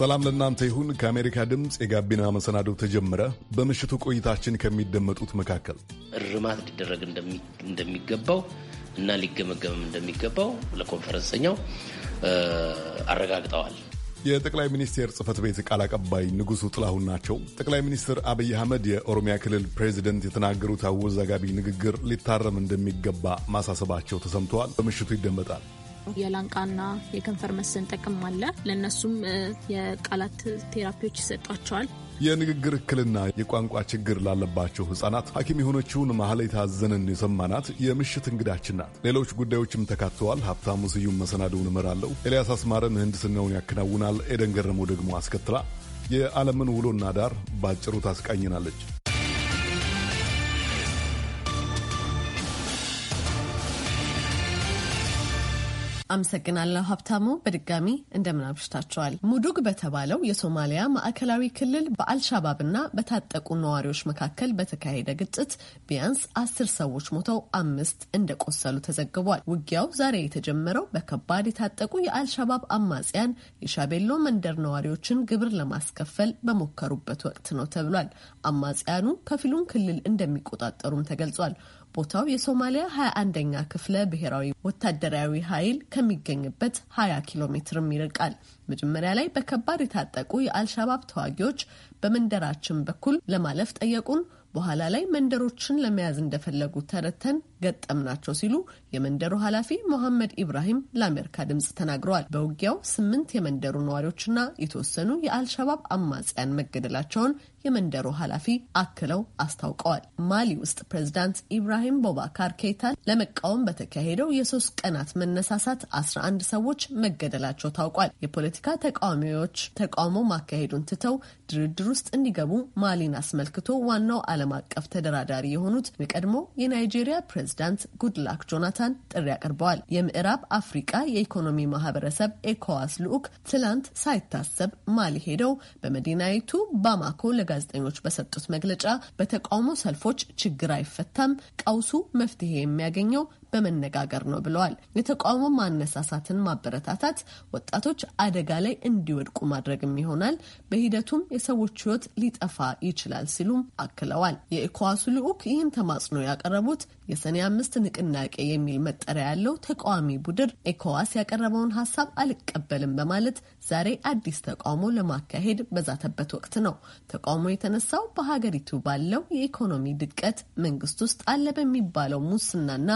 ሰላም ለእናንተ ይሁን። ከአሜሪካ ድምፅ የጋቢና መሰናዶው ተጀመረ። በምሽቱ ቆይታችን ከሚደመጡት መካከል እርማት ሊደረግ እንደሚገባው እና ሊገመገምም እንደሚገባው ለኮንፈረንሰኛው አረጋግጠዋል። የጠቅላይ ሚኒስቴር ጽህፈት ቤት ቃል አቀባይ ንጉሱ ጥላሁን ናቸው። ጠቅላይ ሚኒስትር አብይ አህመድ የኦሮሚያ ክልል ፕሬዚደንት የተናገሩት አወዛጋቢ ንግግር ሊታረም እንደሚገባ ማሳሰባቸው ተሰምተዋል። በምሽቱ ይደመጣል። የላንቃና የከንፈር መሰንጠቅም አለ። ለእነሱም የቃላት ቴራፒዎች ይሰጧቸዋል። የንግግር እክልና የቋንቋ ችግር ላለባቸው ህጻናት ሐኪም የሆነችውን መሐላ የታዘንን የሰማናት የምሽት እንግዳችን ናት። ሌሎች ጉዳዮችም ተካተዋል ሀብታሙ ስዩም መሰናዶውን እመራለሁ። ኤልያስ አስማረ ምህንድስናውን ያከናውናል። ኤደን ገረመው ደግሞ አስከትላ የዓለምን ውሎና ዳር ባጭሩ ታስቃኝናለች። አመሰግናለሁ ሀብታሙ። በድጋሚ እንደምን አምሽታችኋል። ሙዱግ በተባለው የሶማሊያ ማዕከላዊ ክልል በአልሻባብና በታጠቁ ነዋሪዎች መካከል በተካሄደ ግጭት ቢያንስ አስር ሰዎች ሞተው አምስት እንደቆሰሉ ተዘግቧል። ውጊያው ዛሬ የተጀመረው በከባድ የታጠቁ የአልሻባብ አማጽያን የሻቤሎ መንደር ነዋሪዎችን ግብር ለማስከፈል በሞከሩበት ወቅት ነው ተብሏል። አማጽያኑ ከፊሉን ክልል እንደሚቆጣጠሩም ተገልጿል። ቦታው የሶማሊያ 21ኛ ክፍለ ብሔራዊ ወታደራዊ ኃይል ከሚገኝበት 20 ኪሎ ሜትርም ይርቃል። መጀመሪያ ላይ በከባድ የታጠቁ የአልሻባብ ተዋጊዎች በመንደራችን በኩል ለማለፍ ጠየቁን። በኋላ ላይ መንደሮችን ለመያዝ እንደፈለጉ ተረተን ገጠም ናቸው ሲሉ የመንደሩ ኃላፊ ሞሐመድ ኢብራሂም ለአሜሪካ ድምፅ ተናግረዋል። በውጊያው ስምንት የመንደሩ ነዋሪዎችና የተወሰኑ የአልሸባብ አማጽያን መገደላቸውን የመንደሩ ኃላፊ አክለው አስታውቀዋል። ማሊ ውስጥ ፕሬዚዳንት ኢብራሂም ቦባካር ኬይታን ለመቃወም በተካሄደው የሶስት ቀናት መነሳሳት 11 ሰዎች መገደላቸው ታውቋል። የፖለቲካ ተቃዋሚዎች ተቃውሞ ማካሄዱን ትተው ድርድር ውስጥ እንዲገቡ ማሊን አስመልክቶ ዋናው ዓለም አቀፍ ተደራዳሪ የሆኑት የቀድሞ የናይጄሪያ ፕሬዚዳንት ጉድላክ ጆናታን ጥሪ አቅርበዋል። የምዕራብ አፍሪቃ የኢኮኖሚ ማህበረሰብ ኤኮዋስ ልዑክ ትላንት ሳይታሰብ ማሊ ሄደው በመዲናይቱ ባማኮ ለ ለጋዜጠኞች በሰጡት መግለጫ በተቃውሞ ሰልፎች ችግር አይፈታም፣ ቀውሱ መፍትሄ የሚያገኘው በመነጋገር ነው ብለዋል። የተቃውሞ ማነሳሳትን ማበረታታት ወጣቶች አደጋ ላይ እንዲወድቁ ማድረግም ይሆናል። በሂደቱም የሰዎች ሕይወት ሊጠፋ ይችላል ሲሉም አክለዋል። የኢኮዋሱ ልዑክ ይህን ተማጽኖ ያቀረቡት የሰኔ አምስት ንቅናቄ የሚል መጠሪያ ያለው ተቃዋሚ ቡድን ኢኮዋስ ያቀረበውን ሀሳብ አልቀበልም በማለት ዛሬ አዲስ ተቃውሞ ለማካሄድ በዛተበት ወቅት ነው። ተቃውሞ የተነሳው በሀገሪቱ ባለው የኢኮኖሚ ድቀት፣ መንግስት ውስጥ አለ በሚባለው ሙስናና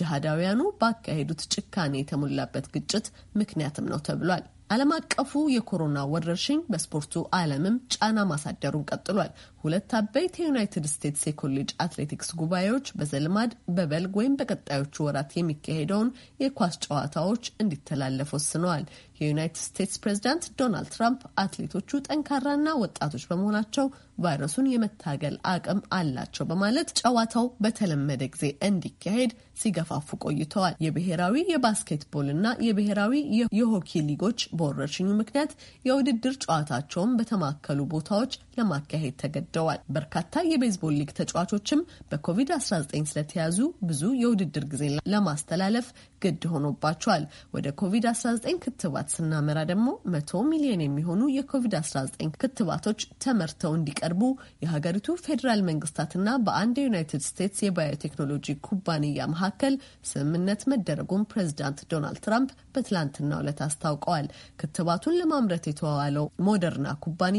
ጅሃዳውያኑ ባካሄዱት ጭካኔ የተሞላበት ግጭት ምክንያትም ነው ተብሏል። ዓለም አቀፉ የኮሮና ወረርሽኝ በስፖርቱ ዓለምም ጫና ማሳደሩን ቀጥሏል። ሁለት አበይት የዩናይትድ ስቴትስ የኮሌጅ አትሌቲክስ ጉባኤዎች በዘልማድ በበልግ ወይም በቀጣዮቹ ወራት የሚካሄደውን የኳስ ጨዋታዎች እንዲተላለፍ ወስነዋል። የዩናይትድ ስቴትስ ፕሬዚዳንት ዶናልድ ትራምፕ አትሌቶቹ ጠንካራና ወጣቶች በመሆናቸው ቫይረሱን የመታገል አቅም አላቸው በማለት ጨዋታው በተለመደ ጊዜ እንዲካሄድ ሲገፋፉ ቆይተዋል። የብሔራዊ የባስኬትቦልና የብሔራዊ የሆኪ ሊጎች በወረርሽኙ ምክንያት የውድድር ጨዋታቸውን በተማከሉ ቦታዎች ለማካሄድ ተገደዋል። በርካታ የቤዝቦል ሊግ ተጫዋቾችም በኮቪድ-19 ስለተያዙ ብዙ የውድድር ጊዜ ለማስተላለፍ ግድ ሆኖባቸዋል። ወደ ኮቪድ-19 ክትባት ስናመራ ደግሞ መቶ ሚሊዮን የሚሆኑ የኮቪድ-19 ክትባቶች ተመርተው እንዲቀርቡ የሀገሪቱ ፌዴራል መንግስታትና በአንድ የዩናይትድ ስቴትስ የባዮቴክኖሎጂ ኩባንያ መካከል ስምምነት መደረጉን ፕሬዚዳንት ዶናልድ ትራምፕ በትላንትናው ዕለት አስታውቀዋል። ክትባቱን ለማምረት የተዋዋለው ሞደርና ኩባንያ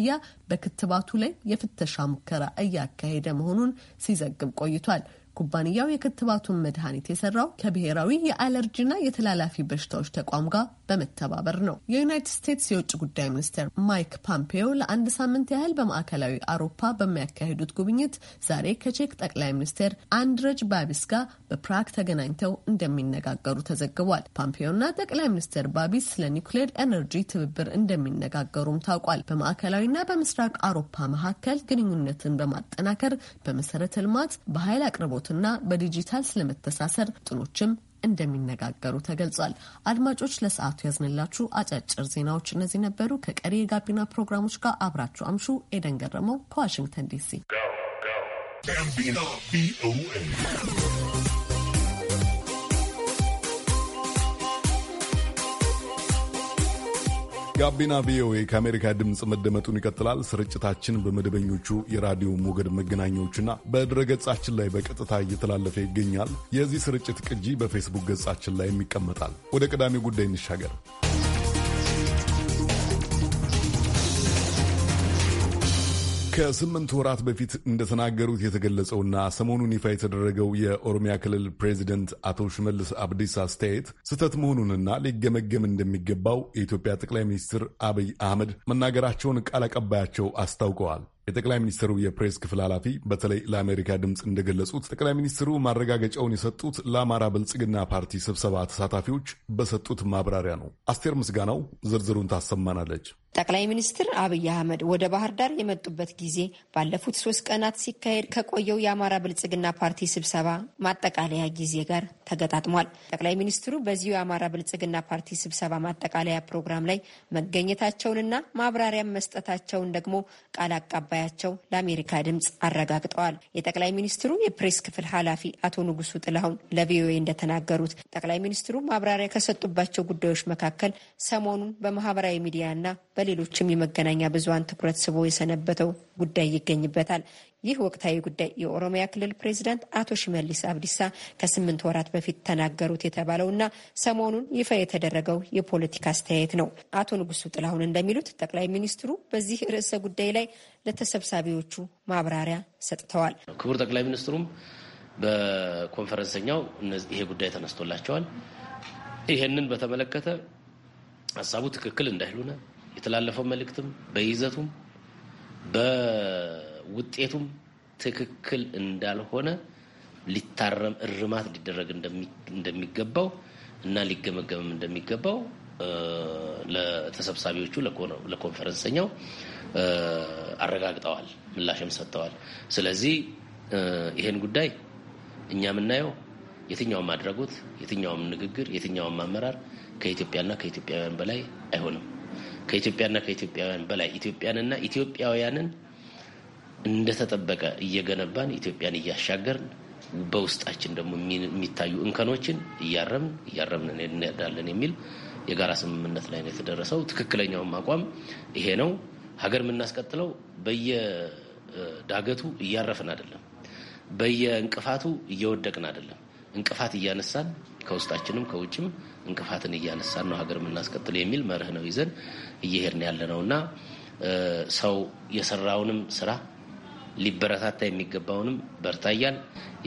በክትባቱ ላይ የፍተሻ ሙከራ እያካሄደ መሆኑን ሲዘግብ ቆይቷል። ኩባንያው የክትባቱን መድኃኒት የሰራው ከብሔራዊ የአለርጂና የተላላፊ በሽታዎች ተቋም ጋር በመተባበር ነው። የዩናይትድ ስቴትስ የውጭ ጉዳይ ሚኒስትር ማይክ ፓምፔዮ ለአንድ ሳምንት ያህል በማዕከላዊ አውሮፓ በሚያካሂዱት ጉብኝት ዛሬ ከቼክ ጠቅላይ ሚኒስትር አንድረጅ ባቢስ ጋር በፕራግ ተገናኝተው እንደሚነጋገሩ ተዘግቧል። ፓምፔዮና ጠቅላይ ሚኒስትር ባቢስ ስለ ኒውክሌር ኤነርጂ ትብብር እንደሚነጋገሩም ታውቋል። በማዕከላዊና በምስራቅ አውሮፓ መካከል ግንኙነትን በማጠናከር በመሰረተ ልማት፣ በኃይል አቅርቦት ስለሞትና በዲጂታል ስለመተሳሰር ጥሎችም እንደሚነጋገሩ ተገልጿል። አድማጮች ለሰዓቱ ያዝንላችሁ አጫጭር ዜናዎች እነዚህ ነበሩ። ከቀሪ የጋቢና ፕሮግራሞች ጋር አብራችሁ አምሹ። ኤደን ገረመው ከዋሽንግተን ዲሲ ጋቢና ቪኦኤ ከአሜሪካ ድምፅ መደመጡን ይቀጥላል። ስርጭታችን በመደበኞቹ የራዲዮ ሞገድ መገናኛዎችና ገጻችን ላይ በቀጥታ እየተላለፈ ይገኛል። የዚህ ስርጭት ቅጂ በፌስቡክ ገጻችን ላይ ይቀመጣል። ወደ ቀዳሚው ጉዳይ እንሻገር። ከስምንት ወራት በፊት እንደተናገሩት የተገለጸውና ሰሞኑን ይፋ የተደረገው የኦሮሚያ ክልል ፕሬዚደንት አቶ ሽመልስ አብዲስ አስተያየት ስህተት መሆኑንና ሊገመገም እንደሚገባው የኢትዮጵያ ጠቅላይ ሚኒስትር አብይ አህመድ መናገራቸውን ቃል አቀባያቸው አስታውቀዋል። የጠቅላይ ሚኒስትሩ የፕሬስ ክፍል ኃላፊ በተለይ ለአሜሪካ ድምፅ እንደገለጹት ጠቅላይ ሚኒስትሩ ማረጋገጫውን የሰጡት ለአማራ ብልጽግና ፓርቲ ስብሰባ ተሳታፊዎች በሰጡት ማብራሪያ ነው። አስቴር ምስጋናው ዝርዝሩን ታሰማናለች። ጠቅላይ ሚኒስትር አብይ አህመድ ወደ ባህር ዳር የመጡበት ጊዜ ባለፉት ሶስት ቀናት ሲካሄድ ከቆየው የአማራ ብልጽግና ፓርቲ ስብሰባ ማጠቃለያ ጊዜ ጋር ተገጣጥሟል። ጠቅላይ ሚኒስትሩ በዚሁ የአማራ ብልጽግና ፓርቲ ስብሰባ ማጠቃለያ ፕሮግራም ላይ መገኘታቸውንና ማብራሪያ መስጠታቸውን ደግሞ ቃል አቀባያቸው ለአሜሪካ ድምፅ አረጋግጠዋል። የጠቅላይ ሚኒስትሩ የፕሬስ ክፍል ኃላፊ አቶ ንጉሱ ጥላሁን ለቪኦኤ እንደተናገሩት ጠቅላይ ሚኒስትሩ ማብራሪያ ከሰጡባቸው ጉዳዮች መካከል ሰሞኑን በማህበራዊ ሚዲያና በሌሎችም የመገናኛ ብዙሀን ትኩረት ስቦ የሰነበተው ጉዳይ ይገኝበታል። ይህ ወቅታዊ ጉዳይ የኦሮሚያ ክልል ፕሬዚዳንት አቶ ሽመልስ አብዲሳ ከስምንት ወራት በፊት ተናገሩት የተባለውና ሰሞኑን ይፋ የተደረገው የፖለቲካ አስተያየት ነው። አቶ ንጉሱ ጥላሁን እንደሚሉት ጠቅላይ ሚኒስትሩ በዚህ ርዕሰ ጉዳይ ላይ ለተሰብሳቢዎቹ ማብራሪያ ሰጥተዋል። ክቡር ጠቅላይ ሚኒስትሩም በኮንፈረንሰኛው ይሄ ጉዳይ ተነስቶላቸዋል። ይህንን በተመለከተ ሀሳቡ ትክክል እንዳይሉነ የተላለፈው መልእክትም በይዘቱም በውጤቱም ትክክል እንዳልሆነ ሊታረም እርማት ሊደረግ እንደሚገባው እና ሊገመገምም እንደሚገባው ለተሰብሳቢዎቹ ለኮንፈረንሰኛው አረጋግጠዋል፣ ምላሽም ሰጥተዋል። ስለዚህ ይሄን ጉዳይ እኛ የምናየው የትኛውም አድራጎት፣ የትኛውም ንግግር፣ የትኛውም አመራር ከኢትዮጵያና ከኢትዮጵያውያን በላይ አይሆንም። ከኢትዮጵያና ከኢትዮጵያውያን በላይ ኢትዮጵያንና ኢትዮጵያውያንን እንደተጠበቀ እየገነባን ኢትዮጵያን እያሻገርን በውስጣችን ደግሞ የሚታዩ እንከኖችን እያረምን እያረምን እንሄዳለን የሚል የጋራ ስምምነት ላይ ነው የተደረሰው። ትክክለኛውም አቋም ይሄ ነው። ሀገር የምናስቀጥለው በየዳገቱ እያረፍን አይደለም፣ በየእንቅፋቱ እየወደቅን አይደለም። እንቅፋት እያነሳን ከውስጣችንም ከውጭም እንቅፋትን እያነሳን ነው ሀገር የምናስቀጥል የሚል መርህ ነው ይዘን እየሄድን ያለ ነው እና ሰው የሰራውንም ስራ ሊበረታታ የሚገባውንም በርታ እያል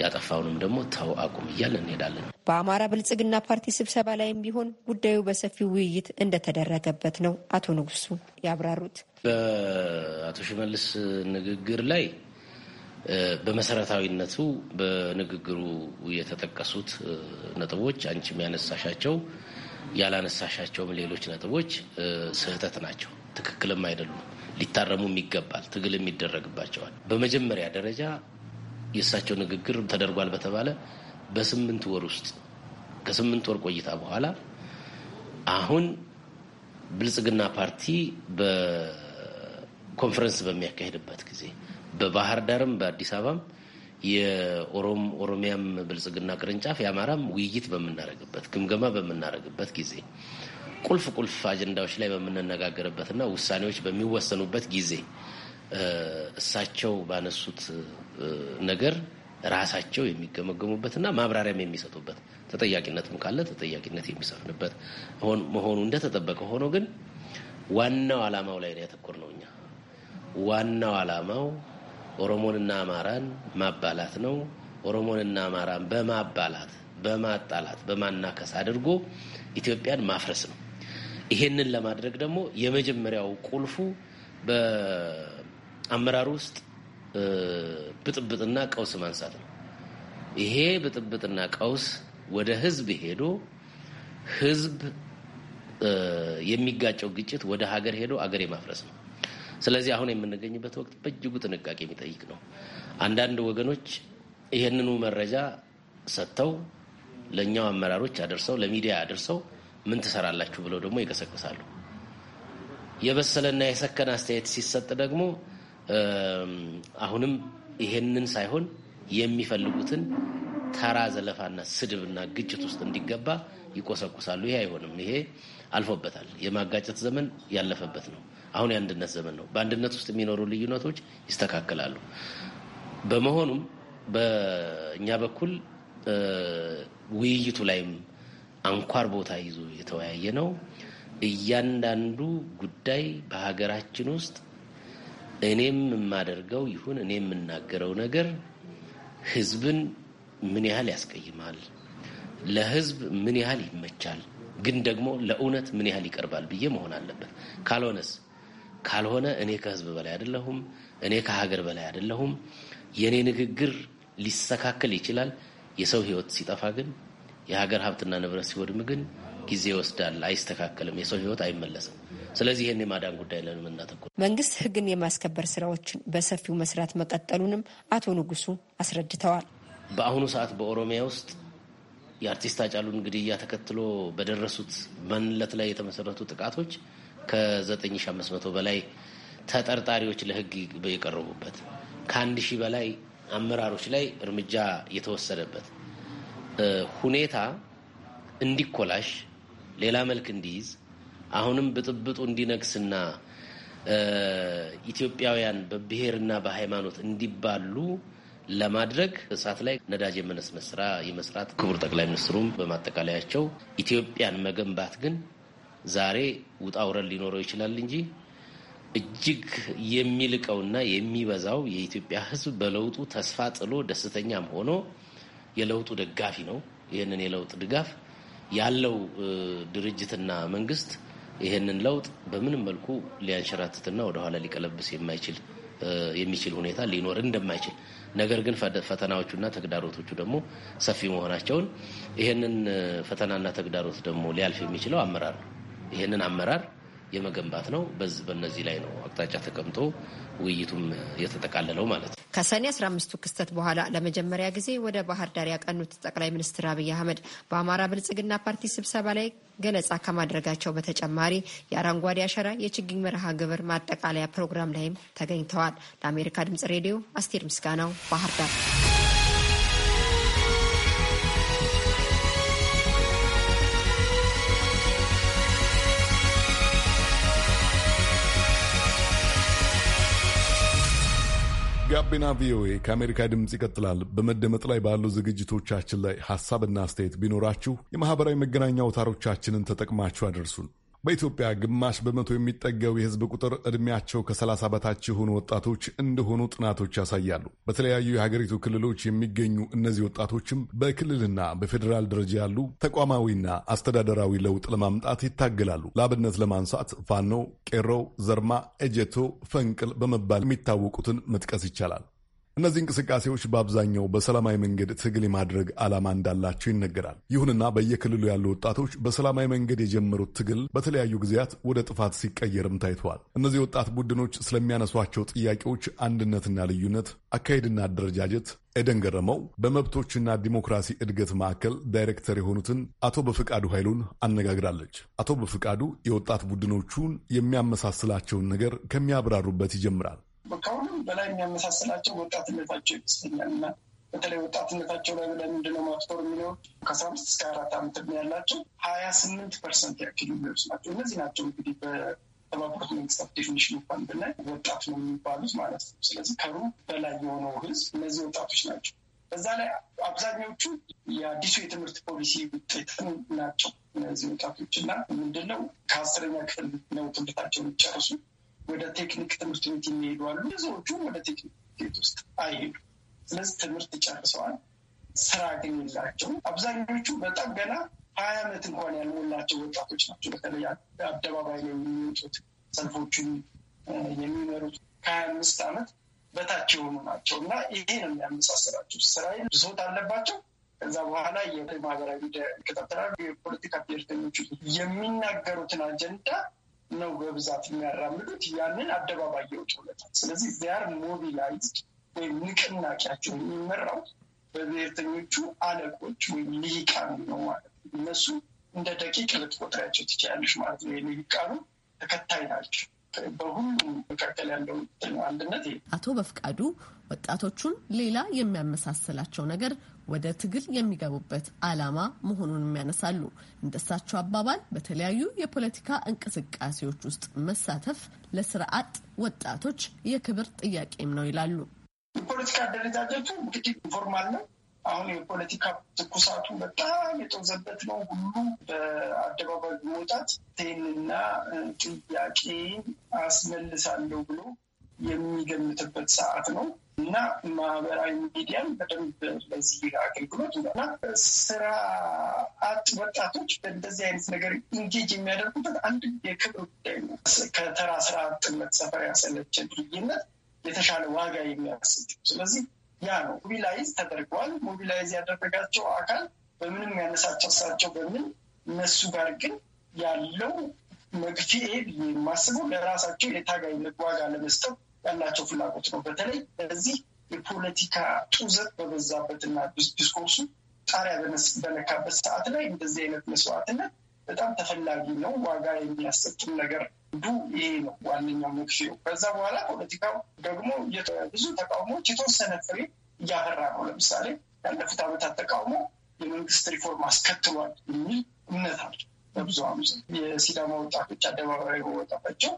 ያጠፋውንም ደግሞ ተው አቁም እያል እንሄዳለን። በአማራ ብልጽግና ፓርቲ ስብሰባ ላይም ቢሆን ጉዳዩ በሰፊው ውይይት እንደተደረገበት ነው አቶ ንጉሱ ያብራሩት። በአቶ ሽመልስ ንግግር ላይ በመሰረታዊነቱ በንግግሩ የተጠቀሱት ነጥቦች አንቺም ያነሳሻቸው ያላነሳሻቸውም ሌሎች ነጥቦች ስህተት ናቸው፣ ትክክልም አይደሉም፣ ሊታረሙም ይገባል፣ ትግልም ይደረግባቸዋል። በመጀመሪያ ደረጃ የእሳቸው ንግግር ተደርጓል በተባለ በስምንት ወር ውስጥ ከስምንት ወር ቆይታ በኋላ አሁን ብልጽግና ፓርቲ በኮንፈረንስ በሚያካሄድበት ጊዜ በባህር ዳርም በአዲስ አበባም የኦሮም ኦሮሚያም ብልጽግና ቅርንጫፍ የአማራም ውይይት በምናደርግበት ግምገማ በምናደርግበት ጊዜ ቁልፍ ቁልፍ አጀንዳዎች ላይ በምንነጋገርበትና ውሳኔዎች በሚወሰኑበት ጊዜ እሳቸው ባነሱት ነገር ራሳቸው የሚገመገሙበትና ማብራሪያም የሚሰጡበት ተጠያቂነትም ካለ ተጠያቂነት የሚሰፍንበት መሆኑ እንደተጠበቀ ሆኖ ግን ዋናው ዓላማው ላይ ያተኮር ነው። እኛ ዋናው ዓላማው ኦሮሞንና አማራን ማባላት ነው። ኦሮሞንና አማራን በማባላት በማጣላት፣ በማናከስ አድርጎ ኢትዮጵያን ማፍረስ ነው። ይሄንን ለማድረግ ደግሞ የመጀመሪያው ቁልፉ በአመራር ውስጥ ብጥብጥና ቀውስ ማንሳት ነው። ይሄ ብጥብጥና ቀውስ ወደ ህዝብ ሄዶ ህዝብ የሚጋጨው ግጭት ወደ ሀገር ሄዶ አገር የማፍረስ ነው። ስለዚህ አሁን የምንገኝበት ወቅት በእጅጉ ጥንቃቄ የሚጠይቅ ነው። አንዳንድ ወገኖች ይህንኑ መረጃ ሰጥተው ለእኛው አመራሮች አደርሰው ለሚዲያ አደርሰው ምን ትሰራላችሁ ብለው ደግሞ ይቀሰቅሳሉ። የበሰለና የሰከነ አስተያየት ሲሰጥ ደግሞ አሁንም ይሄንን ሳይሆን የሚፈልጉትን ተራ ዘለፋና ስድብና ግጭት ውስጥ እንዲገባ ይቆሰቁሳሉ። ይሄ አይሆንም። ይሄ አልፎበታል። የማጋጨት ዘመን ያለፈበት ነው። አሁን የአንድነት ዘመን ነው። በአንድነት ውስጥ የሚኖሩ ልዩነቶች ይስተካከላሉ። በመሆኑም በእኛ በኩል ውይይቱ ላይም አንኳር ቦታ ይዞ የተወያየ ነው። እያንዳንዱ ጉዳይ በሀገራችን ውስጥ እኔም የማደርገው ይሁን እኔ የምናገረው ነገር ህዝብን ምን ያህል ያስቀይማል፣ ለህዝብ ምን ያህል ይመቻል፣ ግን ደግሞ ለእውነት ምን ያህል ይቀርባል ብዬ መሆን አለበት። ካልሆነስ ካልሆነ እኔ ከህዝብ በላይ አይደለሁም፣ እኔ ከሀገር በላይ አይደለሁም። የእኔ ንግግር ሊስተካከል ይችላል። የሰው ህይወት ሲጠፋ ግን፣ የሀገር ሀብትና ንብረት ሲወድም ግን ጊዜ ይወስዳል፣ አይስተካከልም፣ የሰው ህይወት አይመለስም። ስለዚህ ይህን የማዳን ጉዳይ ለን የምናተኩር መንግስት ህግን የማስከበር ስራዎችን በሰፊው መስራት መቀጠሉንም አቶ ንጉሱ አስረድተዋል። በአሁኑ ሰዓት በኦሮሚያ ውስጥ የአርቲስት ሃጫሉን ግድያ ተከትሎ በደረሱት መንለት ላይ የተመሰረቱ ጥቃቶች ከ9500 በላይ ተጠርጣሪዎች ለህግ የቀረቡበት ከአንድ ሺህ በላይ አመራሮች ላይ እርምጃ የተወሰደበት ሁኔታ እንዲኮላሽ ሌላ መልክ እንዲይዝ አሁንም ብጥብጡ እንዲነግስና ኢትዮጵያውያን በብሔርና በሃይማኖት እንዲባሉ ለማድረግ እሳት ላይ ነዳጅ የመነስነስ ስራ የመስራት ክቡር ጠቅላይ ሚኒስትሩም በማጠቃለያቸው ኢትዮጵያን መገንባት ግን ዛሬ ውጣውረን ሊኖረው ይችላል እንጂ እጅግ የሚልቀውና የሚበዛው የኢትዮጵያ ሕዝብ በለውጡ ተስፋ ጥሎ ደስተኛም ሆኖ የለውጡ ደጋፊ ነው። ይህንን የለውጥ ድጋፍ ያለው ድርጅትና መንግስት ይህንን ለውጥ በምንም መልኩ ሊያንሸራትትና ወደኋላ ሊቀለብስ የማይችል የሚችል ሁኔታ ሊኖር እንደማይችል ነገር ግን ፈተናዎቹና ተግዳሮቶቹ ደግሞ ሰፊ መሆናቸውን ይህንን ፈተናና ተግዳሮት ደግሞ ሊያልፍ የሚችለው አመራር ነው። ይህንን አመራር የመገንባት ነው። በእነዚህ ላይ ነው አቅጣጫ ተቀምጦ ውይይቱም የተጠቃለለው ማለት ነው። ከሰኔ 15ቱ ክስተት በኋላ ለመጀመሪያ ጊዜ ወደ ባህር ዳር ያቀኑት ጠቅላይ ሚኒስትር አብይ አህመድ በአማራ ብልጽግና ፓርቲ ስብሰባ ላይ ገለጻ ከማድረጋቸው በተጨማሪ የአረንጓዴ አሻራ የችግኝ መርሃ ግብር ማጠቃለያ ፕሮግራም ላይም ተገኝተዋል። ለአሜሪካ ድምጽ ሬዲዮ አስቴር ምስጋናው ባህር ዳር ጋቢና ቪኦኤ ከአሜሪካ ድምፅ ይቀጥላል። በመደመጥ ላይ ባሉ ዝግጅቶቻችን ላይ ሀሳብና አስተያየት ቢኖራችሁ የማህበራዊ መገናኛ አውታሮቻችንን ተጠቅማችሁ አደርሱን። በኢትዮጵያ ግማሽ በመቶ የሚጠገው የሕዝብ ቁጥር ዕድሜያቸው ከ በታች የሆኑ ወጣቶች እንደሆኑ ጥናቶች ያሳያሉ። በተለያዩ የሀገሪቱ ክልሎች የሚገኙ እነዚህ ወጣቶችም በክልልና በፌዴራል ደረጃ ያሉ ተቋማዊና አስተዳደራዊ ለውጥ ለማምጣት ይታገላሉ። ለአብነት ለማንሳት ፋኖ፣ ቄሮ፣ ዘርማ፣ ኤጀቶ፣ ፈንቅል በመባል የሚታወቁትን መጥቀስ ይቻላል። እነዚህ እንቅስቃሴዎች በአብዛኛው በሰላማዊ መንገድ ትግል የማድረግ ዓላማ እንዳላቸው ይነገራል። ይሁንና በየክልሉ ያሉ ወጣቶች በሰላማዊ መንገድ የጀመሩት ትግል በተለያዩ ጊዜያት ወደ ጥፋት ሲቀየርም ታይተዋል። እነዚህ ወጣት ቡድኖች ስለሚያነሷቸው ጥያቄዎች አንድነትና ልዩነት፣ አካሄድና አደረጃጀት ኤደን ገረመው በመብቶችና ዲሞክራሲ እድገት ማዕከል ዳይሬክተር የሆኑትን አቶ በፍቃዱ ኃይሉን አነጋግራለች። አቶ በፍቃዱ የወጣት ቡድኖቹን የሚያመሳስላቸውን ነገር ከሚያብራሩበት ይጀምራል። ከሁሉም በላይ የሚያመሳስላቸው ወጣትነታቸው ይመስለኛል እና በተለይ ወጣትነታቸው ላይ ምንድነው ማፍቶር የሚለው ከአስራ አምስት እስከ አራት ዓመት እድሜ ያላቸው ሀያ ስምንት ፐርሰንት ያክል የሚወስ ናቸው። እነዚህ ናቸው እንግዲህ በተባበሩት መንግስታት ዴፊኒሽን እንኳን ብናይ ወጣት ነው የሚባሉት ማለት ነው። ስለዚህ ከሩብ በላይ የሆነው ህዝብ እነዚህ ወጣቶች ናቸው። በዛ ላይ አብዛኛዎቹ የአዲሱ የትምህርት ፖሊሲ ውጤት ናቸው። እነዚህ ወጣቶች እና ምንድነው ከአስረኛ ክፍል ነው ትምህርታቸውን ይጨርሱ ወደ ቴክኒክ ትምህርት ቤት የሚሄዱ አሉ። ብዙዎቹ ወደ ቴክኒክ ቤት ውስጥ አይሄዱ። ስለዚህ ትምህርት ጨርሰዋል፣ ስራ ግን ያገኝላቸው። አብዛኞቹ በጣም ገና ሀያ ዓመት እንኳን ያልሞላቸው ወጣቶች ናቸው። በተለይ አደባባይ ላይ የሚወጡት ሰልፎቹን የሚመሩት ከሀያ አምስት ዓመት በታች የሆኑ ናቸው እና ይሄ ነው የሚያመሳስላቸው። ስራ ብሶት አለባቸው። ከዛ በኋላ የማህበራዊ ሚዲያ ይከታተላሉ። የፖለቲካ ብሔርተኞች የሚናገሩትን አጀንዳ ነው በብዛት የሚያራምዱት። ያንን አደባባይ የውጭውለታል። ስለዚህ ዚያር ሞቢላይዝድ ወይም ንቅናቄያቸው የሚመራው በብሔርተኞቹ አለቆች ወይም ልሂቃን ነው ማለት ነው። እነሱ እንደ ደቂቅ ልትቆጥሪያቸው ትችላለች ማለት ነው። የልሂቃኑ ተከታይ ናቸው። በሁሉም መካከል ያለው አንድነት። አቶ በፍቃዱ ወጣቶቹን ሌላ የሚያመሳስላቸው ነገር ወደ ትግል የሚገቡበት ዓላማ መሆኑን የሚያነሳሉ። እንደሳቸው አባባል በተለያዩ የፖለቲካ እንቅስቃሴዎች ውስጥ መሳተፍ ለስርዓት ወጣቶች የክብር ጥያቄም ነው ይላሉ። የፖለቲካ አደረጃጀቱ እንግዲህ ኢንፎርማል ነው አሁን የፖለቲካ ትኩሳቱ በጣም የጦዘበት ነው። ሁሉ በአደባባይ መውጣት ቴንና ጥያቄ አስመልሳለሁ ብሎ የሚገምትበት ሰዓት ነው እና ማህበራዊ ሚዲያን በደንብ ለዚህ አገልግሎት እና ስራ አጥ ወጣቶች በእንደዚህ አይነት ነገር ኢንጌጅ የሚያደርጉበት አንድ የክብር ጉዳይ ነው። ከተራ ስራ አጥነት፣ ሰፈር ያሰለችን ልዩነት የተሻለ ዋጋ የሚያስችው ስለዚህ ያ ነው ሞቢላይዝ ተደርገዋል። ሞቢላይዝ ያደረጋቸው አካል በምንም ያነሳቸው እሳቸው በምን እነሱ ጋር ግን ያለው መግፊኤ ብዬ የማስበው ለራሳቸው የታጋይነት ዋጋ ለመስጠት ያላቸው ፍላጎት ነው። በተለይ በዚህ የፖለቲካ ጡዘት በበዛበትና ዲስኮርሱ ጣሪያ በነካበት ሰዓት ላይ እንደዚህ አይነት መስዋዕትነት በጣም ተፈላጊ ነው፣ ዋጋ የሚያሰጡም ነገር ይሄ ነው ዋነኛው መክሽው። ከዛ በኋላ ፖለቲካው ደግሞ ብዙ ተቃውሞዎች የተወሰነ ፍሬ እያፈራ ነው። ለምሳሌ ያለፉት ዓመታት ተቃውሞ የመንግስት ሪፎርም አስከትሏል የሚል እምነት አለ በብዙ አምዘ የሲዳማ ወጣቶች አደባባይ በወጣታቸው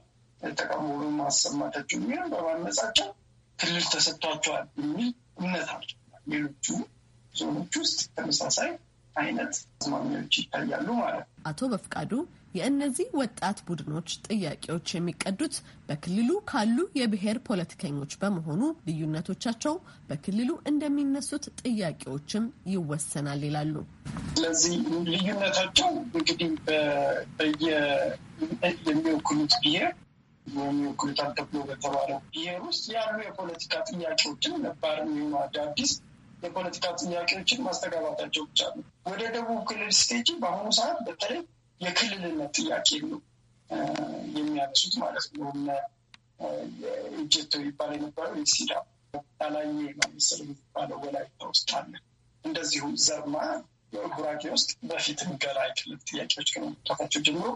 ተቃውሞ በማሰማታቸው የሚሆን በማነጻቸው ክልል ተሰጥቷቸዋል የሚል እምነት አለ። ሌሎቹ ዞኖች ውስጥ ተመሳሳይ አይነት አዝማሚያዎች ይታያሉ ማለት ነው። አቶ በፍቃዱ የእነዚህ ወጣት ቡድኖች ጥያቄዎች የሚቀዱት በክልሉ ካሉ የብሔር ፖለቲከኞች በመሆኑ ልዩነቶቻቸው በክልሉ እንደሚነሱት ጥያቄዎችም ይወሰናል ይላሉ። ስለዚህ ልዩነታቸው እንግዲህ የሚወክሉት ብሔር የሚወክሉት ተብሎ በተባለው ብሔር ውስጥ ያሉ የፖለቲካ ጥያቄዎችን ነባር የሚሆኑ አዳዲስ የፖለቲካ ጥያቄዎችን ማስተጋባታቸው ብቻ ነው። ወደ ደቡብ ክልል ስቴጅ በአሁኑ ሰዓት በተለይ የክልልነት ጥያቄ ነው የሚያነሱት ማለት ነው። እነ እጀቶ ይባል የነበረው የሲዳ ጣላዬ ማመሰል የሚባለው ወላይታ ውስጥ አለ። እንደዚሁ ዘርማ ጉራጌ ውስጥ በፊትም ገራ ክልል ጥያቄዎች ከመምጣታቸው ጀምሮ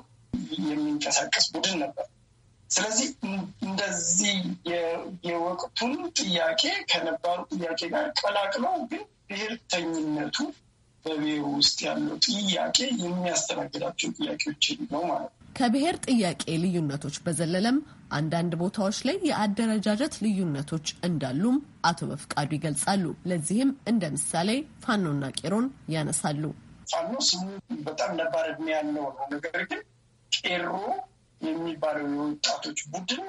የሚንቀሳቀስ ቡድን ነበር። ስለዚህ እንደዚህ የወቅቱን ጥያቄ ከነባሩ ጥያቄ ጋር ቀላቅለው ግን ብሔርተኝነቱ በብሔሩ ውስጥ ያለው ጥያቄ የሚያስተናግዳቸው ጥያቄዎች ነው ማለት ነው። ከብሔር ጥያቄ ልዩነቶች በዘለለም አንዳንድ ቦታዎች ላይ የአደረጃጀት ልዩነቶች እንዳሉም አቶ በፍቃዱ ይገልጻሉ። ለዚህም እንደ ምሳሌ ፋኖና ቄሮን ያነሳሉ። ፋኖ ስሙ በጣም ነባር እድሜ ያለው ነው። ነገር ግን ቄሮ የሚባለው የወጣቶች ቡድን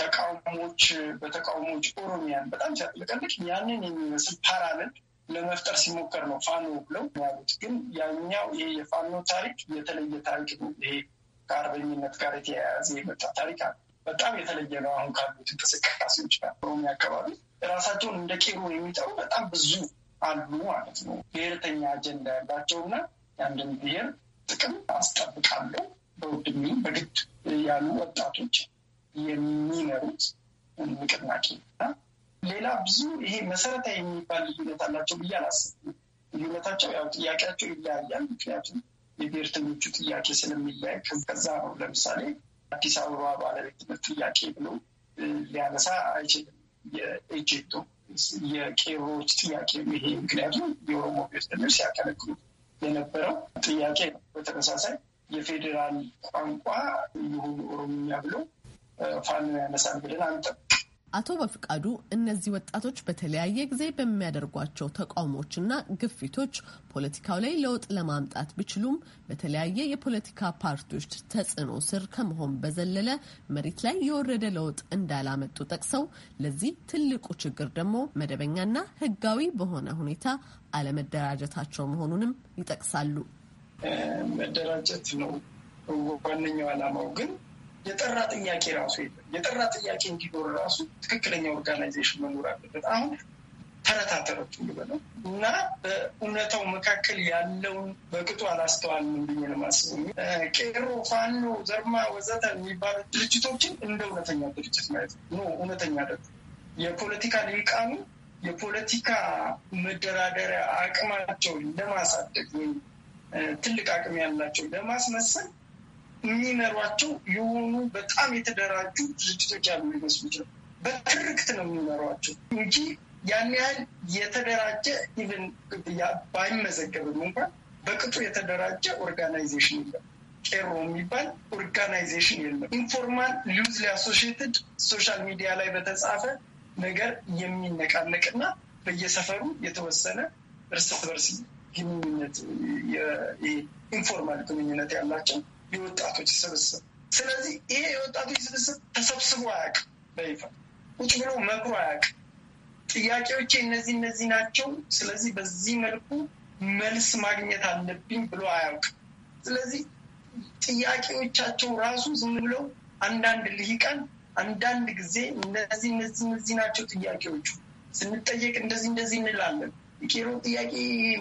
ተቃውሞች በተቃውሞች ኦሮሚያን በጣም ሲያጥለቀልቅ ያንን የሚመስል ፓራለል ለመፍጠር ሲሞከር ነው ፋኖ ብለው ያሉት። ግን ያኛው ይሄ የፋኖ ታሪክ የተለየ ታሪክ ነው። ይሄ ከአርበኝነት ጋር የተያያዘ የመጣ ታሪክ አለ። በጣም የተለየ ነው። አሁን ካሉት እንቅስቃሴዎች ጋር ኦሮሚያ አካባቢ ራሳቸውን እንደ ቄሮ የሚጠሩ በጣም ብዙ አሉ ማለት ነው። ብሔርተኛ አጀንዳ ያላቸውና የአንድን ብሔር ጥቅም አስጠብቃለሁ በውድሜ በግድ ያሉ ወጣቶች የሚመሩት ንቅናቄ እና ሌላ ብዙ ይሄ መሰረታዊ የሚባል ልዩነት አላቸው ብዬ አላስብም። ልዩነታቸው ያው ጥያቄያቸው ይለያያል። ምክንያቱም የብሔርተኞቹ ጥያቄ ስለሚለያይ ከዛ ነው። ለምሳሌ አዲስ አበባ ባለቤትነት ጥያቄ ብሎ ሊያነሳ አይችልም። የኤጀንቶ የቄሮዎች ጥያቄ ይሄ ምክንያቱም የኦሮሞ ብሔርተኞች ሲያከለክሉ የነበረው ጥያቄ ነው። በተመሳሳይ የፌዴራል ቋንቋ ይሁን ኦሮምኛ ብሎ ፋኖ ያነሳል ብለን አንጠብቅ። አቶ በፍቃዱ እነዚህ ወጣቶች በተለያየ ጊዜ በሚያደርጓቸው ተቃውሞችና ግፊቶች ፖለቲካው ላይ ለውጥ ለማምጣት ቢችሉም በተለያየ የፖለቲካ ፓርቲዎች ተጽዕኖ ስር ከመሆን በዘለለ መሬት ላይ የወረደ ለውጥ እንዳላመጡ ጠቅሰው ለዚህ ትልቁ ችግር ደግሞ መደበኛና ሕጋዊ በሆነ ሁኔታ አለመደራጀታቸው መሆኑንም ይጠቅሳሉ። መደራጀት ነው ዋነኛው ዓላማው። ግን የጠራ ጥያቄ ራሱ የለም። የጠራ ጥያቄ እንዲኖር ራሱ ትክክለኛ ኦርጋናይዜሽን መኖር አለበት። አሁን ተረታተረቱ ልበለው እና በእውነታው መካከል ያለውን በቅጡ አላስተዋልም ብዬ ነው የማስበው። ቄሮ፣ ፋኖ፣ ዘርማ ወዘተ የሚባሉ ድርጅቶችን እንደ እውነተኛ ድርጅት ማለት ነው። እውነተኛ ደ የፖለቲካ ሊቃኑ የፖለቲካ መደራደሪያ አቅማቸውን ለማሳደግ ወይም ትልቅ አቅም ያላቸው ለማስመሰል የሚመሯቸው የሆኑ በጣም የተደራጁ ድርጅቶች ያሉ ሊመስሉ በትርክት ነው የሚመሯቸው እንጂ ያን ያህል የተደራጀ ኢቨን ባይመዘገብም እንኳን በቅጡ የተደራጀ ኦርጋናይዜሽን የለም። ቄሮ የሚባል ኦርጋናይዜሽን የለም። ኢንፎርማል ሉዝሊ አሶሺየትድ ሶሻል ሚዲያ ላይ በተጻፈ ነገር የሚነቃነቅና በየሰፈሩ የተወሰነ እርስ በርስ ግንኙነት ኢንፎርማል ግንኙነት ያላቸው የወጣቶች ስብስብ። ስለዚህ ይሄ የወጣቶች ስብስብ ተሰብስቦ አያውቅም። በይፋ ቁጭ ብሎ መክሮ አያውቅም። ጥያቄዎቼ እነዚህ እነዚህ ናቸው፣ ስለዚህ በዚህ መልኩ መልስ ማግኘት አለብኝ ብሎ አያውቅም። ስለዚህ ጥያቄዎቻቸው ራሱ ዝም ብለው አንዳንድ ልሂቃን አንዳንድ ጊዜ እነዚህ እነዚህ እነዚህ ናቸው ጥያቄዎቹ፣ ስንጠየቅ እንደዚህ እንደዚህ እንላለን ቄሮ ጥያቄ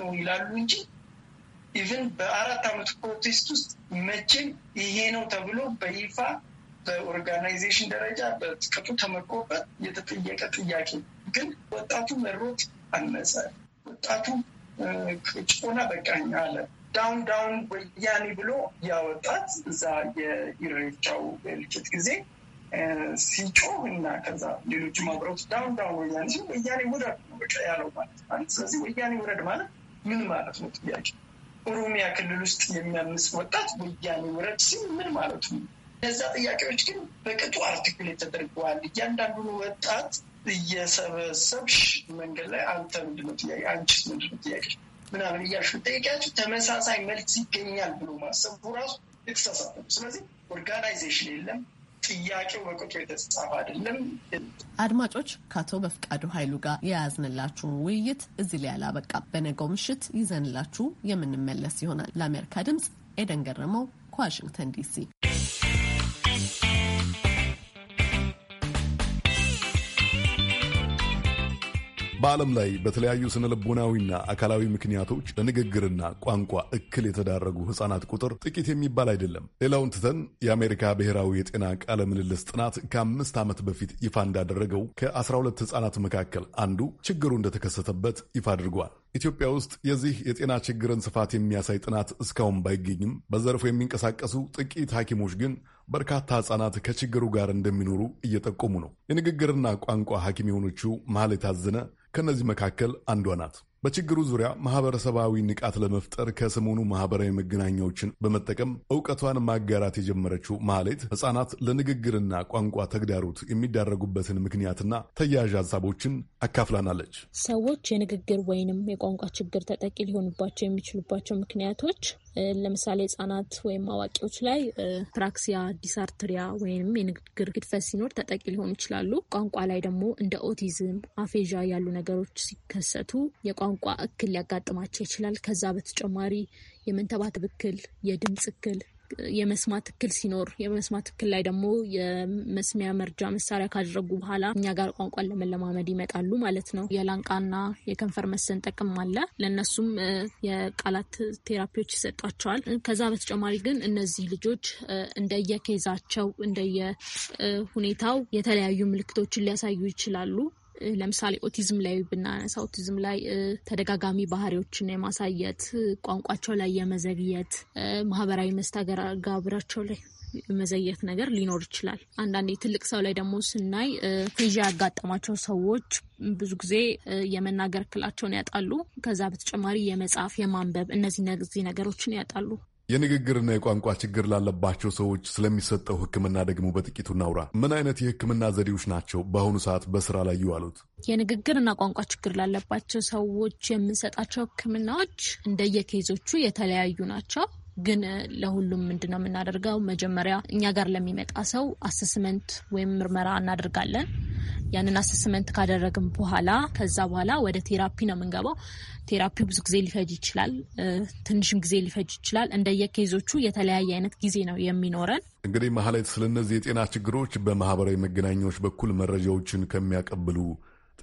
ነው ይላሉ እንጂ ኢቨን በአራት ዓመት ፕሮቴስት ውስጥ መቼም ይሄ ነው ተብሎ በይፋ በኦርጋናይዜሽን ደረጃ በጥቅቱ ተመርቆበት የተጠየቀ ጥያቄ ግን ወጣቱ መሮት አነሰ። ወጣቱ ጭቆና በቃኝ አለ። ዳውን ዳውን ወያኔ ብሎ ያወጣት እዛ የኢሬቻው ልጭት ጊዜ ሲጮህ እና ከዛ ሌሎችም ማብረቱ ዳውን ዳውን ወያኔ ሲ ወያኔ ውረድ ነው በቃ ያለው ማለት ማለት። ስለዚህ ወያኔ ውረድ ማለት ምን ማለት ነው? ጥያቄ ኦሮሚያ ክልል ውስጥ የሚያምስ ወጣት ወያኔ ውረድ ሲ ምን ማለት ነው? እነዛ ጥያቄዎች ግን በቅጡ አርቲክል ተደርገዋል። እያንዳንዱን ወጣት እየሰበሰብሽ መንገድ ላይ አንተ ምንድነው ጥያቄ፣ አንቺስ ምንድነው ጥያቄ ምናምን እያልሽ ጠይቂያቸው ተመሳሳይ መልስ ይገኛል ብሎ ማሰቡ ራሱ የተሳሳተ ስለዚህ ኦርጋናይዜሽን የለም ጥያቄው በቁጥሩ የተጻፈ አይደለም። አድማጮች፣ ከአቶ በፍቃዱ ኃይሉ ጋር የያዝንላችሁን ውይይት እዚህ ላይ አላበቃም። በነገው ምሽት ይዘንላችሁ የምንመለስ ይሆናል። ለአሜሪካ ድምጽ ኤደን ገረመው ከዋሽንግተን ዲሲ በዓለም ላይ በተለያዩ ስነልቦናዊና አካላዊ ምክንያቶች ለንግግርና ቋንቋ እክል የተዳረጉ ሕፃናት ቁጥር ጥቂት የሚባል አይደለም። ሌላውን ትተን የአሜሪካ ብሔራዊ የጤና ቃለ ምልልስ ጥናት ከአምስት ዓመት በፊት ይፋ እንዳደረገው ከ12 ሕፃናት መካከል አንዱ ችግሩ እንደተከሰተበት ይፋ አድርጓል። ኢትዮጵያ ውስጥ የዚህ የጤና ችግርን ስፋት የሚያሳይ ጥናት እስካሁን ባይገኝም በዘርፉ የሚንቀሳቀሱ ጥቂት ሐኪሞች ግን በርካታ ሕፃናት ከችግሩ ጋር እንደሚኖሩ እየጠቆሙ ነው። የንግግርና ቋንቋ ሐኪም የሆነችው መሀል የታዘነ ከእነዚህ መካከል አንዷ ናት። በችግሩ ዙሪያ ማህበረሰባዊ ንቃት ለመፍጠር ከሰሞኑ ማህበራዊ መገናኛዎችን በመጠቀም እውቀቷን ማጋራት የጀመረችው ማህሌት ህጻናት ለንግግርና ቋንቋ ተግዳሮት የሚዳረጉበትን ምክንያትና ተያያዥ ሀሳቦችን አካፍላናለች። ሰዎች የንግግር ወይንም የቋንቋ ችግር ተጠቂ ሊሆኑባቸው የሚችሉባቸው ምክንያቶች ለምሳሌ ህጻናት ወይም አዋቂዎች ላይ ፕራክሲያ፣ ዲሳርትሪያ ወይም የንግግር ግድፈት ሲኖር ተጠቂ ሊሆኑ ይችላሉ። ቋንቋ ላይ ደግሞ እንደ ኦቲዝም፣ አፌዣ ያሉ ነገሮች ሲከሰቱ የቋ የቋንቋ እክል ሊያጋጥማቸው ይችላል። ከዛ በተጨማሪ የመንተባት እክል፣ የድምፅ እክል፣ የመስማት እክል ሲኖር የመስማት እክል ላይ ደግሞ የመስሚያ መርጃ መሳሪያ ካደረጉ በኋላ እኛ ጋር ቋንቋን ለመለማመድ ይመጣሉ ማለት ነው። የላንቃና የከንፈር መሰንጠቅም አለ። ለእነሱም የቃላት ቴራፒዎች ይሰጧቸዋል። ከዛ በተጨማሪ ግን እነዚህ ልጆች እንደየኬዛቸው እንደየሁኔታው የተለያዩ ምልክቶችን ሊያሳዩ ይችላሉ። ለምሳሌ ኦቲዝም ላይ ብናነሳ ኦቲዝም ላይ ተደጋጋሚ ባህሪዎችን የማሳየት ቋንቋቸው ላይ የመዘግየት ማህበራዊ መስተጋብራቸው ላይ መዘየት ነገር ሊኖር ይችላል። አንዳንዴ ትልቅ ሰው ላይ ደግሞ ስናይ ፌዣ ያጋጠማቸው ሰዎች ብዙ ጊዜ የመናገር ክላቸውን ያጣሉ። ከዛ በተጨማሪ የመጻፍ የማንበብ እነዚህ ነገሮችን ያጣሉ። የንግግርና የቋንቋ ችግር ላለባቸው ሰዎች ስለሚሰጠው ሕክምና ደግሞ በጥቂቱ እናውራ። ምን አይነት የሕክምና ዘዴዎች ናቸው በአሁኑ ሰዓት በስራ ላይ ይዋሉት? የንግግርና ቋንቋ ችግር ላለባቸው ሰዎች የምንሰጣቸው ሕክምናዎች እንደየኬዞቹ የተለያዩ ናቸው። ግን ለሁሉም ምንድን ነው የምናደርገው? መጀመሪያ እኛ ጋር ለሚመጣ ሰው አሰስመንት ወይም ምርመራ እናደርጋለን። ያንን አሰስመንት ካደረግን በኋላ ከዛ በኋላ ወደ ቴራፒ ነው የምንገባው። ቴራፒው ብዙ ጊዜ ሊፈጅ ይችላል፣ ትንሽም ጊዜ ሊፈጅ ይችላል። እንደየኬዞቹ የተለያየ አይነት ጊዜ ነው የሚኖረን። እንግዲህ መሀል ስለነዚህ የጤና ችግሮች በማህበራዊ መገናኛዎች በኩል መረጃዎችን ከሚያቀብሉ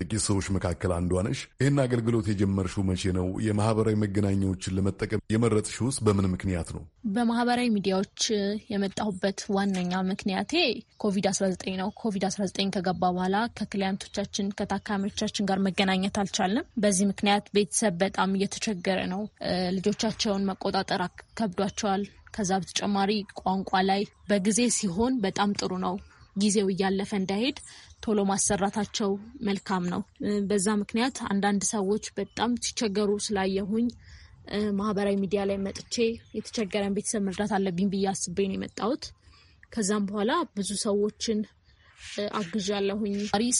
ጥቂት ሰዎች መካከል አንዷ ነሽ። ይህን አገልግሎት የጀመርሽው መቼ ነው? የማህበራዊ መገናኛዎችን ለመጠቀም የመረጥሽውስ በምን ምክንያት ነው? በማህበራዊ ሚዲያዎች የመጣሁበት ዋነኛ ምክንያቴ ኮቪድ-19 ነው። ኮቪድ-19 ከገባ በኋላ ከክሊያንቶቻችን ከታካሚዎቻችን ጋር መገናኘት አልቻለም። በዚህ ምክንያት ቤተሰብ በጣም እየተቸገረ ነው። ልጆቻቸውን መቆጣጠር ከብዷቸዋል። ከዛ በተጨማሪ ቋንቋ ላይ በጊዜ ሲሆን በጣም ጥሩ ነው። ጊዜው እያለፈ እንዳይሄድ ቶሎ ማሰራታቸው መልካም ነው። በዛ ምክንያት አንዳንድ ሰዎች በጣም ሲቸገሩ ስላየሁኝ ማህበራዊ ሚዲያ ላይ መጥቼ የተቸገረን ቤተሰብ መርዳት አለብኝ ብዬ አስቤ ነው የመጣሁት። ከዛም በኋላ ብዙ ሰዎችን አግዣለሁኝ።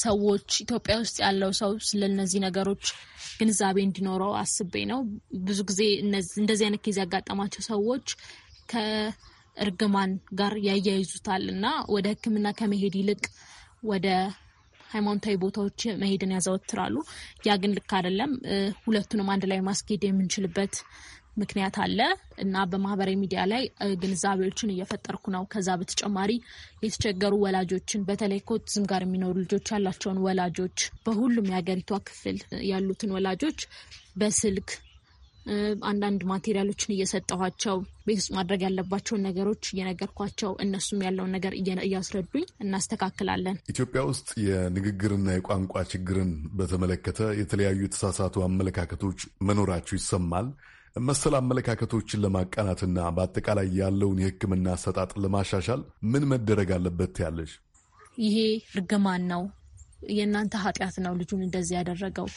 ሰዎች ኢትዮጵያ ውስጥ ያለው ሰው ስለነዚህ ነገሮች ግንዛቤ እንዲኖረው አስቤ ነው። ብዙ ጊዜ እንደዚህ አይነት ጊዜ ያጋጠማቸው ሰዎች ከእርግማን ጋር ያያይዙታል እና ወደ ሕክምና ከመሄድ ይልቅ ወደ ሃይማኖታዊ ቦታዎች መሄድን ያዘወትራሉ። ያ ግን ልክ አይደለም። ሁለቱንም አንድ ላይ ማስኬድ የምንችልበት ምክንያት አለ እና በማህበራዊ ሚዲያ ላይ ግንዛቤዎችን እየፈጠርኩ ነው። ከዛ በተጨማሪ የተቸገሩ ወላጆችን በተለይ ኮቲዝም ጋር የሚኖሩ ልጆች ያላቸውን ወላጆች፣ በሁሉም የሀገሪቷ ክፍል ያሉትን ወላጆች በስልክ አንዳንድ ማቴሪያሎችን እየሰጠኋቸው ቤት ውስጥ ማድረግ ያለባቸውን ነገሮች እየነገርኳቸው እነሱም ያለውን ነገር እያስረዱኝ እናስተካክላለን። ኢትዮጵያ ውስጥ የንግግርና የቋንቋ ችግርን በተመለከተ የተለያዩ የተሳሳቱ አመለካከቶች መኖራቸው ይሰማል። መሰል አመለካከቶችን ለማቃናትና በአጠቃላይ ያለውን የሕክምና አሰጣጥ ለማሻሻል ምን መደረግ አለበት ያለሽ? ይሄ እርግማን ነው፣ የእናንተ ኃጢአት ነው ልጁን እንደዚህ ያደረገው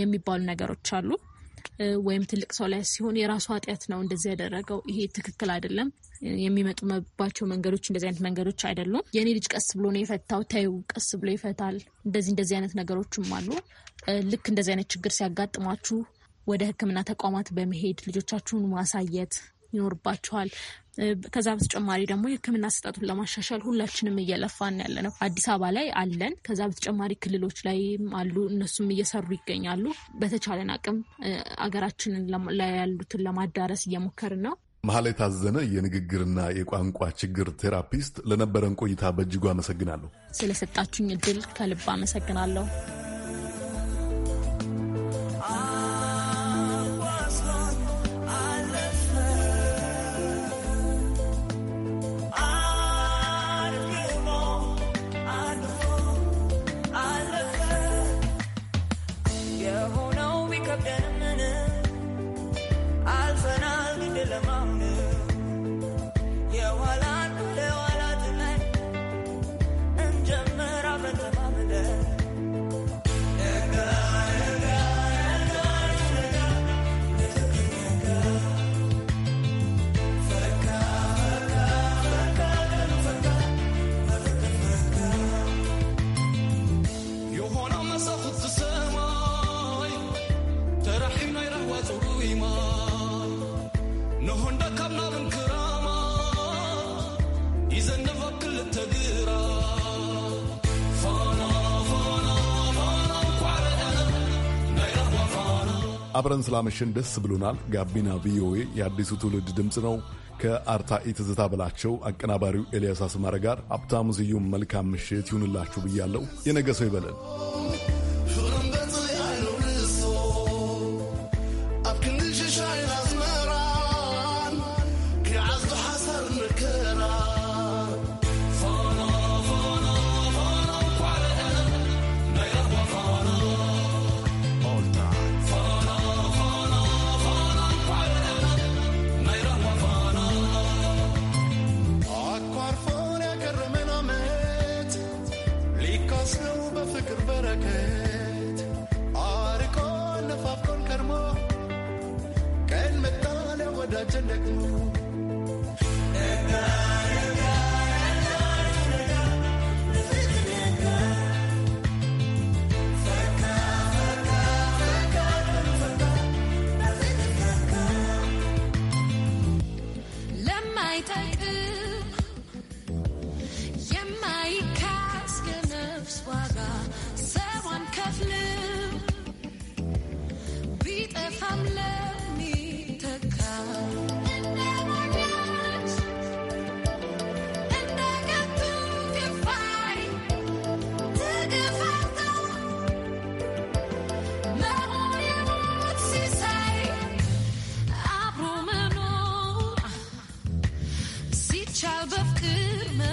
የሚባሉ ነገሮች አሉ። ወይም ትልቅ ሰው ላይ ሲሆን የራሱ ኃጢአት ነው እንደዚህ ያደረገው፣ ይሄ ትክክል አይደለም፣ የሚመጡባቸው መንገዶች እንደዚህ አይነት መንገዶች አይደሉም፣ የእኔ ልጅ ቀስ ብሎ ነው የፈታው፣ ተዩ ቀስ ብሎ ይፈታል፣ እንደዚህ እንደዚህ አይነት ነገሮችም አሉ። ልክ እንደዚህ አይነት ችግር ሲያጋጥማችሁ ወደ ሕክምና ተቋማት በመሄድ ልጆቻችሁን ማሳየት ይኖርባቸዋል። ከዛ በተጨማሪ ደግሞ የሕክምና ስጣቱን ለማሻሻል ሁላችንም እየለፋን ያለ ነው። አዲስ አበባ ላይ አለን። ከዛ በተጨማሪ ክልሎች ላይም አሉ፣ እነሱም እየሰሩ ይገኛሉ። በተቻለን አቅም አገራችንን ላይ ያሉትን ለማዳረስ እየሞከርን ነው። መሀል የታዘነ የንግግርና የቋንቋ ችግር ቴራፒስት፣ ለነበረን ቆይታ በእጅጉ አመሰግናለሁ። ስለሰጣችሁኝ እድል ከልብ አመሰግናለሁ። አብረን ስላመሸን ደስ ብሎናል። ጋቢና ቪኦኤ የአዲሱ ትውልድ ድምፅ ነው። ከአርታኢ ትዝታ በላቸው አቀናባሪው ኤልያስ አስማረ ጋር ሀብታሙ ስዩም መልካም ምሽት ይሁንላችሁ ብያለሁ። የነገ ሰው ይበለን።